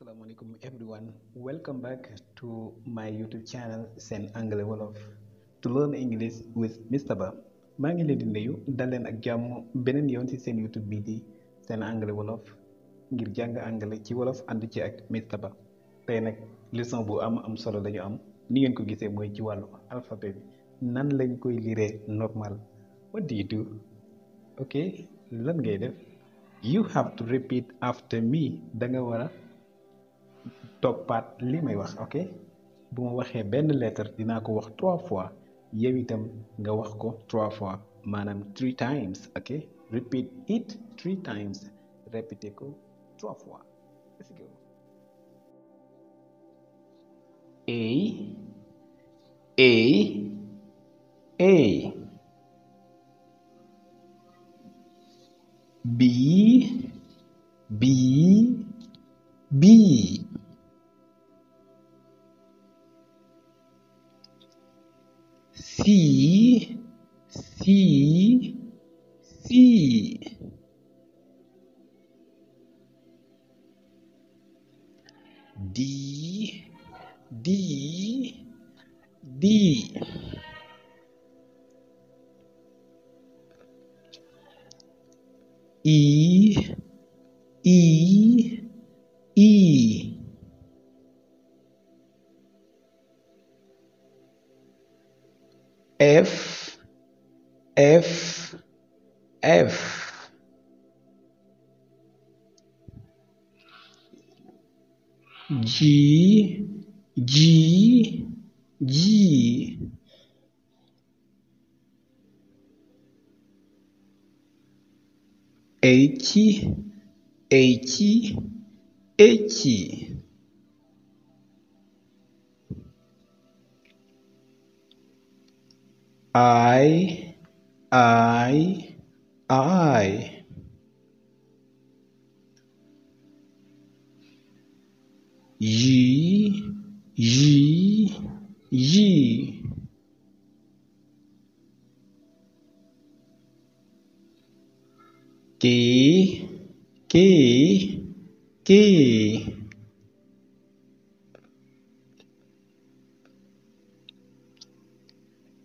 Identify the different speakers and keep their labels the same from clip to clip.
Speaker 1: asalaamaaleykum everyone welcome back to my youtube channel seen anglais wolof to learn english with Mr Ba maa ngi leen di nuyu dal leen ak jàmm beneen yoon ci seen youtube bii di seen anglais wolof ngir jàng anglais ci wolof ànd ci ak Mr Ba tey nag leçon bu am am solo lañu am ni ngeen ko gisee mooy ci wàllu alphabet bi nan lañ koy lire normal what do you do ok lan ngay def you have to repeat after me da nga toppaat li may wax ok bu ma waxee benn lettre dinaa ko wax trois fois yow itam nga wax ko trois fois maanaam three times ok repeat it three times répété ko trois fois A A A B B see, D, D, e, e, F F F G G G H H H I, I, I. Ye, ye, ye. Ki, ki, ki.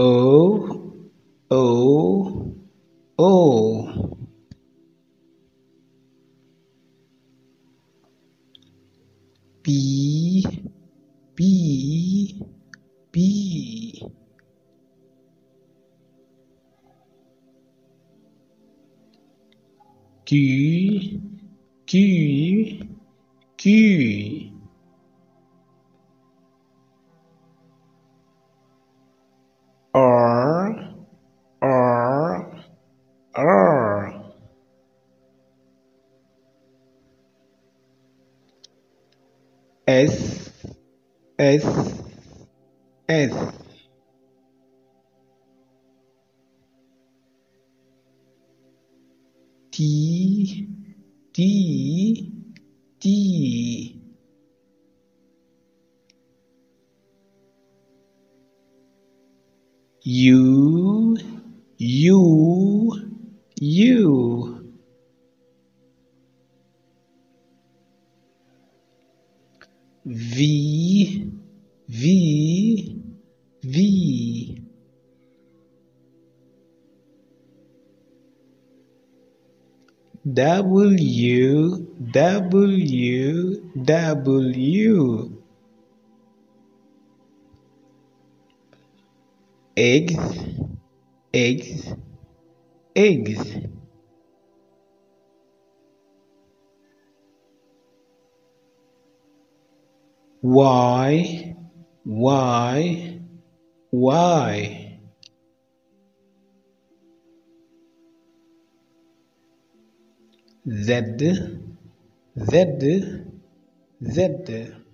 Speaker 1: O O B B B Q Q Q R R R S S S T T you, you, you. V, V, V. W, W, W. eggs, eggs, eggs. Why, why, why? Z, Z, Z.